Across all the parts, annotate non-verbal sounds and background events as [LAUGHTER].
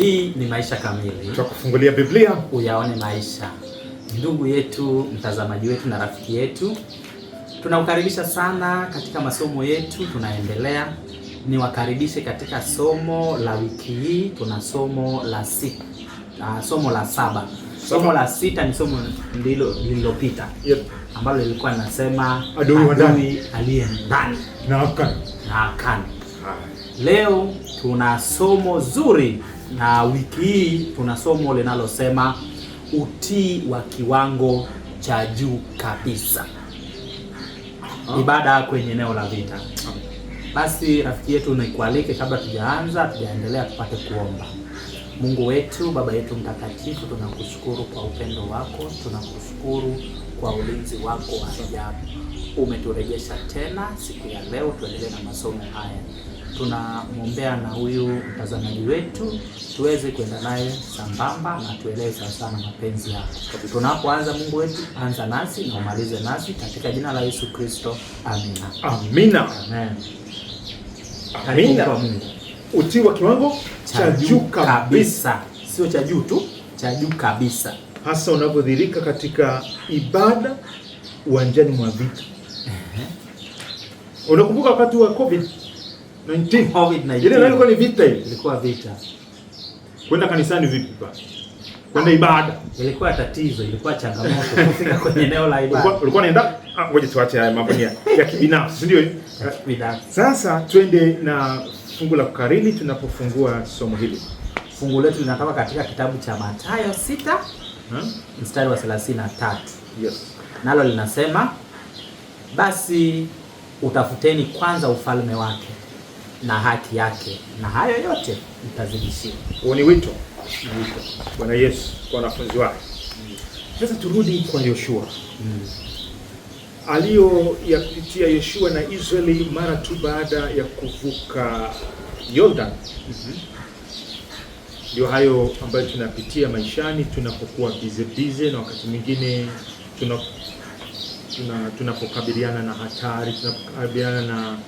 Hii ni Maisha Kamili, tutakufungulia Biblia uyaone maisha. Ndugu yetu, mtazamaji wetu na rafiki yetu, tunakukaribisha sana katika masomo yetu, tunaendelea. Niwakaribishe katika somo la wiki hii, tuna somo la sita, uh, somo la saba. Somo la sita ni somo ndilo lililopita, yep, ambalo lilikuwa linasema adui aliye ndani na akani. Leo tuna somo zuri na wiki hii tuna somo linalosema utii wa kiwango cha juu kabisa, ah. ibada kwenye eneo la vita. Basi rafiki yetu, nikualike kabla tujaanza tujaendelea, tupate kuomba. Mungu wetu, Baba yetu mtakatifu, tunakushukuru kwa upendo wako, tunakushukuru kwa ulinzi wako wa ajabu. Umeturejesha tena siku ya leo, tuendelee na masomo haya tunamwombea na huyu mtazamaji wetu tuweze kwenda naye sambamba na tuelewe sana mapenzi yako. Tunapoanza Mungu wetu, anza nasi na umalize nasi katika jina la Yesu Kristo, amina. Amina. Amen. Amina. Amina. Utii wa kiwango cha juu kabisa, sio cha juu tu, cha juu kabisa, hasa unavyodhirika katika ibada uwanjani mwa vita. Unakumbuka wakati wa COVID 19 COVID 19. Ile ilikuwa ni vita ile. Ilikuwa vita. Kwenda kanisani vipi basi? Kwenda ibada. Ilikuwa tatizo, ilikuwa changamoto kufika kwenye eneo la ibada. Ulikuwa unaenda ah, ngoja tuache haya mambo ya ya kibinafsi, ndio? Kibinafsi. Sasa twende na fungu la kukarini tunapofungua somo hili. Fungu letu linatoka katika kitabu cha Mathayo 6 hmm? mstari wa 33. Yes. Nalo linasema basi utafuteni kwanza ufalme wake na haki yake, na hayo yote mtazidishiwa. Huo ni wito Bwana Yesu kwa wanafunzi wake. Sasa turudi kwa Yoshua mm. aliyoyapitia Yoshua na Israeli mara tu baada ya kuvuka Yordan mhm. ndio mm -hmm. hayo ambayo tunapitia maishani tunapokuwa bize bize, na wakati mwingine tunapokabiliana tuna, tuna na hatari tunapokabiliana na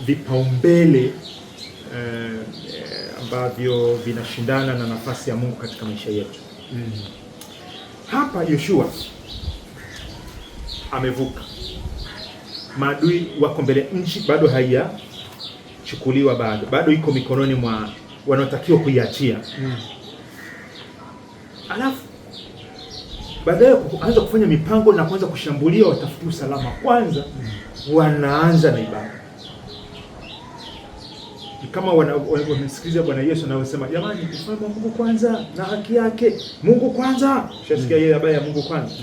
vipaumbele eh, ambavyo vinashindana na nafasi ya Mungu katika maisha yetu. Mm. Hapa Yoshua amevuka, maadui wako mbele, nchi bado haijachukuliwa, bado bado iko mikononi mwa wanaotakiwa kuiachia. Mm. Alafu baadaye anza kufanya mipango na kuanza kushambulia watafuti usalama kwanza. Mm. Wanaanza na ibada kama wamemsikiliza Bwana Yesu anayosema jamani, ufalme wa Mungu kwanza na haki yake, Mungu kwanza. Shasikia yeye habari ya Mungu kwanza.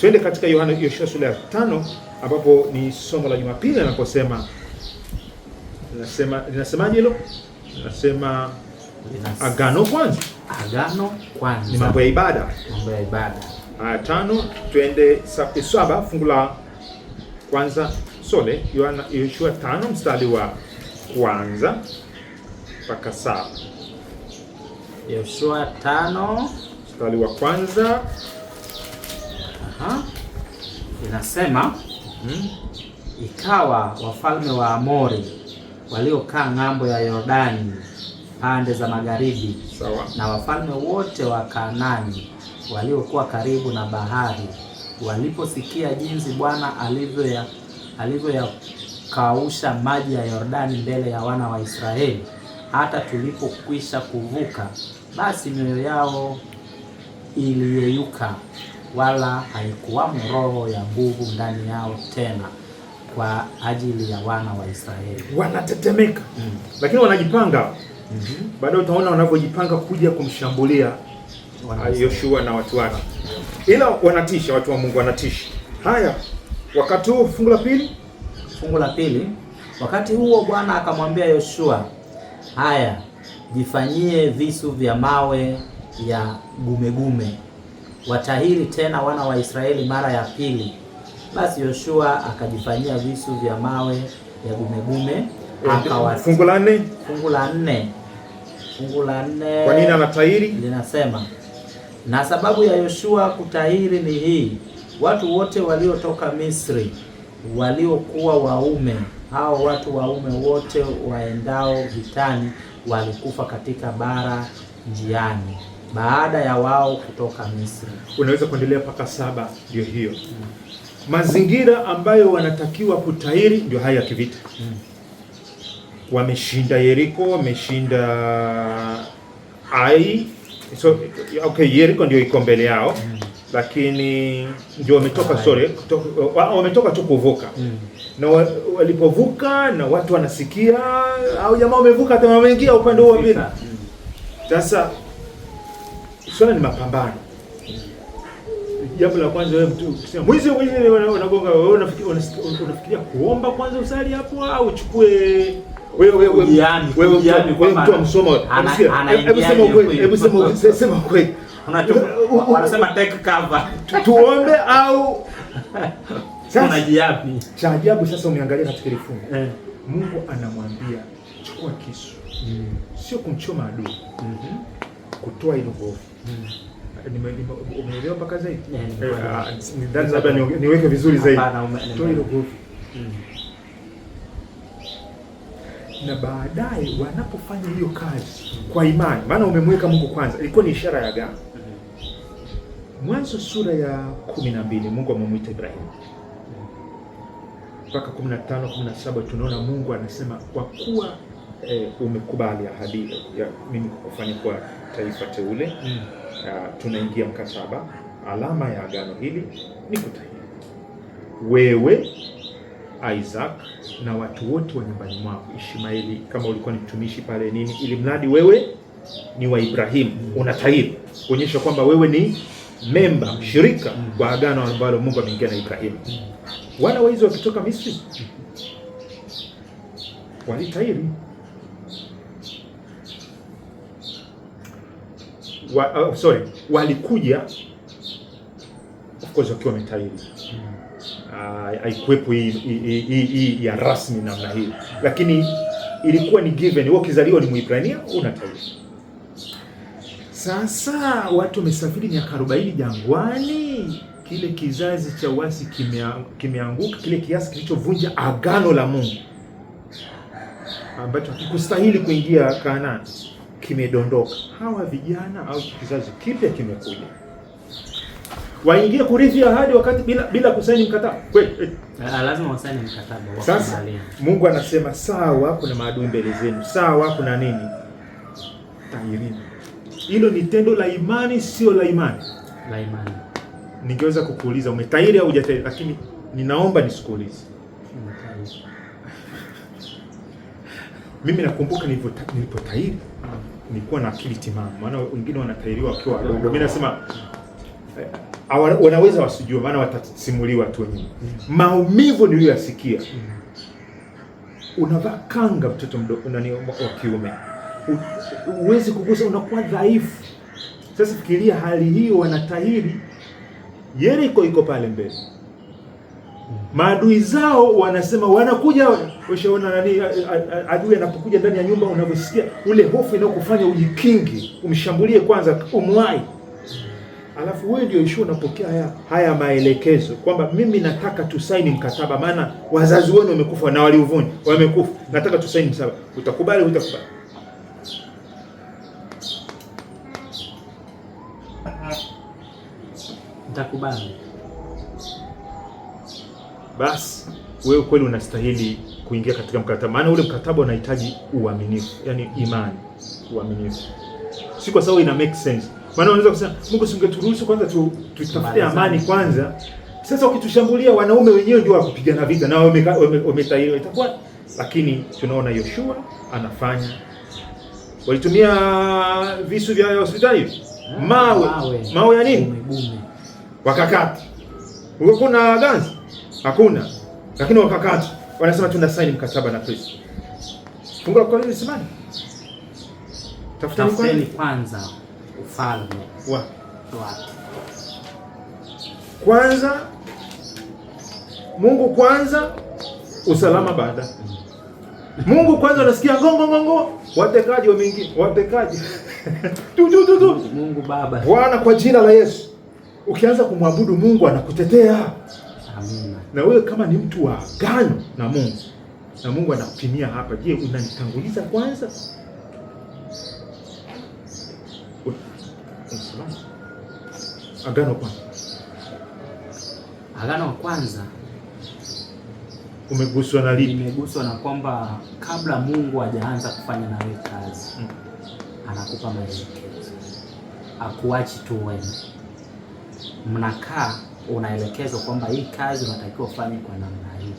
Twende katika Yohana Yoshua sura ya tano ambapo ni somo la Jumapili anaposema nasema linasemaje hilo? Nasema agano kwanza, agano kwanza ni mambo ya ibada, mambo ya ibada. Aya tano, twende eh, saba, fungu la kwanza sole Yohana Yoshua tano mstari wa kwanza mpaka saba. Yoshua tano mstari wa kwanza Aha. Inasema hmm. Ikawa wafalme wa Amori waliokaa ng'ambo ya Yordani pande za magharibi sawa, na wafalme wote wa kanani waliokuwa karibu na bahari waliposikia jinsi Bwana alivyoyakausha alivyo maji ya Yordani mbele ya wana wa Israeli hata tulipokwisha kuvuka, basi mioyo yao iliyeyuka, wala haikuwamo roho ya nguvu ndani yao tena kwa ajili ya wana wa Israeli. Wanatetemeka mm. lakini wanajipanga mm -hmm. Baadaye utaona wanavyojipanga kuja kumshambulia Yoshua na watu wake, ila wanatisha. Watu wa Mungu wanatisha. Haya, wakati huo, fungu la pili, fungu la pili. Wakati huo Bwana akamwambia Yoshua haya, jifanyie visu vya mawe ya gumegume, watahiri tena wana wa Israeli mara ya pili. Basi Yoshua akajifanyia visu vya mawe ya gumegume eh, akawa. Fungu la nne, fungu la nne, fungu la nne. Kwa nini anatahiri? Linasema, na sababu ya Yoshua kutahiri ni hii: watu wote waliotoka Misri waliokuwa waume hao watu waume wote waendao vitani walikufa katika bara njiani baada ya wao kutoka Misri. Unaweza kuendelea mpaka saba. Ndio hiyo mm. mazingira ambayo wanatakiwa kutahiri ndio haya ya kivita mm. wameshinda Yeriko, wameshinda Ai so, okay, Yeriko ndio iko mbele yao mm. lakini ndio wametoka sore, wametoka tu kuvuka mm na walipovuka na watu wanasikia, au jamaa wamevuka, hata wameingia upande huo pili. Sasa swala ni mapambano. Jambo la kwanza wewe mtu kusema mwizi mwizi, unagonga wewe, unafikiria unafikiria kuomba kwanza usali hapo, au uchukue wewe wewe yani kwamba mtu amsoma, hebu sema hebu sema kweli, unasema take cover, tuombe au unajiapi. Cha ajabu sasa, umeangalia katika ile fungu eh. Mungu anamwambia chukua kisu mm. sio kumchoma adui mm kutoa hilo gofu mm. Umeelewa mpaka zaidi? Eh, eh, Nadhani ah, labda niweke vizuri zaidi, toa hilo gofu mm. na baadaye wanapofanya hiyo kazi kwa imani, maana umemweka Mungu kwanza, ilikuwa ni ishara ya agano. Mm-hmm. Mwanzo sura ya kumi na mbili Mungu amemwita Ibrahimu mpaka 15 17, tunaona Mungu anasema kwa kuwa e, umekubali ahadi ya mimi kukufanya kuwa taifa teule mm. Uh, tunaingia mkataba. Alama ya agano hili ni kutahiri wewe Isaac na watu wote wa nyumbani mwako, Ishmaeli kama ulikuwa ni mtumishi pale nini, ili mradi wewe ni wa Ibrahimu mm. unatahiri kuonyesha kwamba wewe ni memba mshirika mm. mm. wa agano ambalo Mungu ameingia na Ibrahimu. Wana wezi wakitoka Misri walitahiri wa, uh, sorry walikuja of course wakiwa wametahiri ah, haikuwepo hii hii ya rasmi namna hii, lakini ilikuwa ni given. Wewe ukizaliwa ni Mwibrania unatahiri. Sasa watu wamesafiri miaka 40 jangwani kile kizazi cha wasi kimeanguka, kile kiasi kilichovunja agano la Mungu ambacho hakikustahili kuingia Kanaani kimedondoka. Hawa vijana au kizazi kipya kimekuja, waingie kurithi ahadi wakati bila, bila kusaini mkataba kweli. Eh, lazima wasaini mkataba. Sasa Mungu anasema sawa, kuna maadui mbele zenu, sawa, kuna nini, tahirini. Hilo ni tendo la imani, sio la imani la imani ningeweza kukuuliza umetairi au hujatahiri, lakini ninaomba nisikuulize. Mimi nakumbuka nilipotairi nilikuwa na akili timamu, maana wengine wanatairiwa wakiwa wadogo. Mimi nasema wanaweza wasijue, maana watasimuliwa tu wenyewe maumivu niliyoyasikia. Unavaa kanga, mtoto mdogo nani wa kiume, huwezi kugusa, unakuwa dhaifu. Sasa fikiria hali hiyo, wanatahiri Yeriko iko pale mbele, maadui zao wanasema wanakuja. Ushaona nani adui anapokuja ndani ya nyumba, unavyosikia ule hofu inayokufanya ujikingi, umshambulie kwanza, umwai Alafu wewe ndio ishu unapokea haya, haya maelekezo kwamba mimi nataka tusaini mkataba, maana wazazi wenu wamekufa na waliuvunja wamekufa, nataka tusaini msaba. Utakubali utakubali? Ah, Nitakubali. Basi wewe kweli unastahili kuingia katika mkataba, maana ule mkataba unahitaji uaminifu, yani imani, uaminifu, si kwa sababu ina make sense. Maana unaweza kusema Mungu, singeturuhusu kwanza tu tutafute amani kwanza. Sasa ukitushambulia, wanaume wenyewe ndio wakupigana vita na wametairiwa, itakuwa lakini tunaona Yoshua anafanya, walitumia visu vya hospitali, ah, mawe mawe ya nini? wakakata. Huko kuna ganzi hakuna, lakini wakakata, wanasema tuna saini mkataba na Kristo. Fungua kwa nini simani? tafuteni kwanza. kwanza ufalme wa watu kwanza, Mungu kwanza, usalama baada Mungu kwanza, unasikia ngongo ngongo, watekaji wameingia, watekaji [LAUGHS] tu tu tu tu, Mungu Baba, Bwana, kwa jina la Yesu ukianza kumwabudu Mungu anakutetea. Amina. Na wewe kama ni mtu wa agano na Mungu, na Mungu anakupimia hapa, je, unanitanguliza kwanza? Agano kwanza, agano kwanza. Umeguswa na lipi? Nimeguswa na kwamba kabla Mungu hajaanza kufanya nawe kazi hmm, anakupa maelekezo, akuachi tu wewe mnakaa unaelekezwa kwamba hii kazi unatakiwa ufanye kwa namna hii.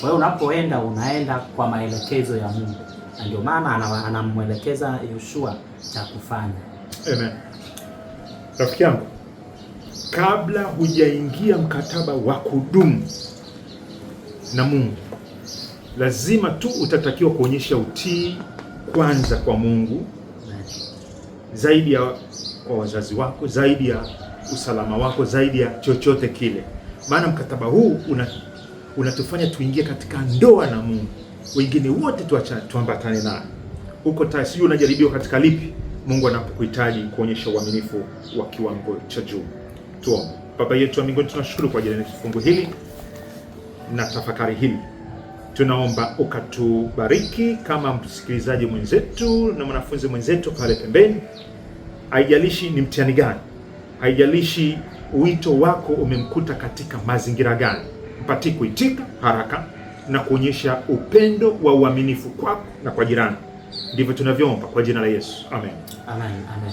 Kwa hiyo unapoenda unaenda kwa maelekezo ya Mungu, na ndio maana anamwelekeza Yoshua cha kufanya. Amen. Rafiki yangu, kabla hujaingia mkataba wa kudumu na Mungu, lazima tu utatakiwa kuonyesha utii kwanza kwa Mungu, zaidi ya kwa wazazi wako, zaidi ya usalama wako zaidi ya chochote kile, maana mkataba huu unatufanya una tuingie katika ndoa na Mungu, wengine wote tuambatane naye. Uko sijui unajaribiwa katika lipi, Mungu anapokuhitaji kuonyesha uaminifu wa kiwango cha juu. Tuombe. Baba yetu wa mbinguni, tunashukuru kwa ajili ya fungu hili na tafakari hili tunaomba ukatubariki kama msikilizaji mwenzetu na mwanafunzi mwenzetu pale pembeni, haijalishi ni mtihani gani haijalishi wito wako umemkuta katika mazingira gani, mpatie kuitika haraka na kuonyesha upendo wa uaminifu kwako na kwa jirani. Ndivyo tunavyoomba kwa jina la Yesu, amen, amen, amen.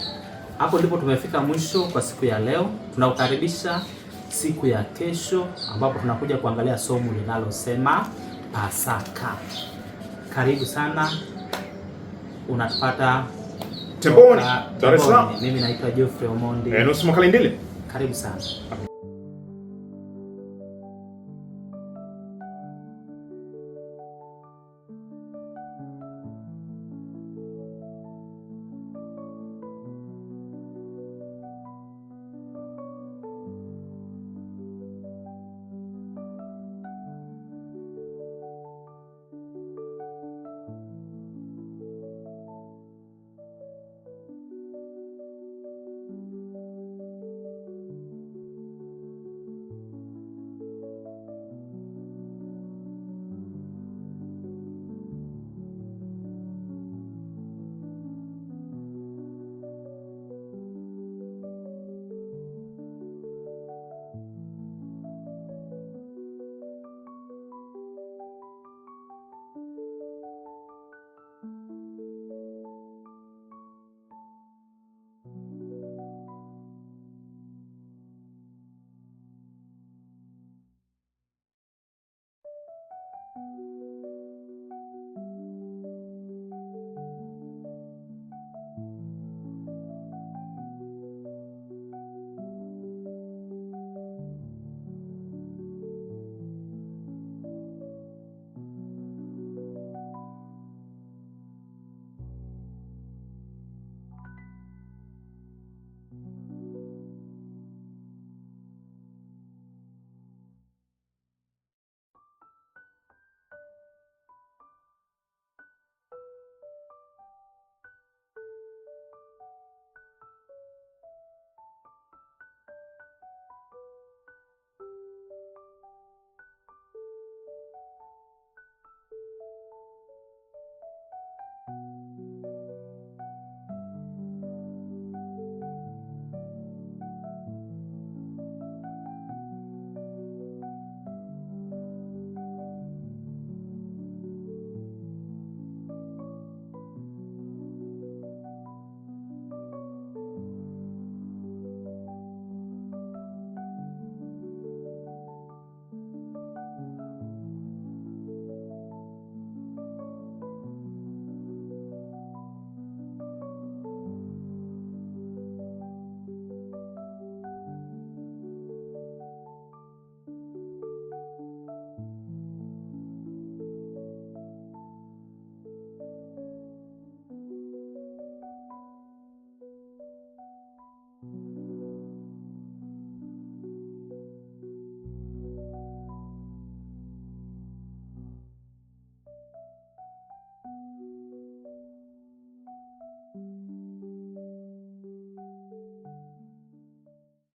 Hapo ndipo tumefika mwisho kwa siku ya leo. Tunakukaribisha siku ya kesho, ambapo tunakuja kuangalia somo linalosema Pasaka. Karibu sana, unatupata Temboni, Dar es Salaam. Mimi naitwa Geoffrey Omondi. Eh, nusu makalindile. Karibu sana.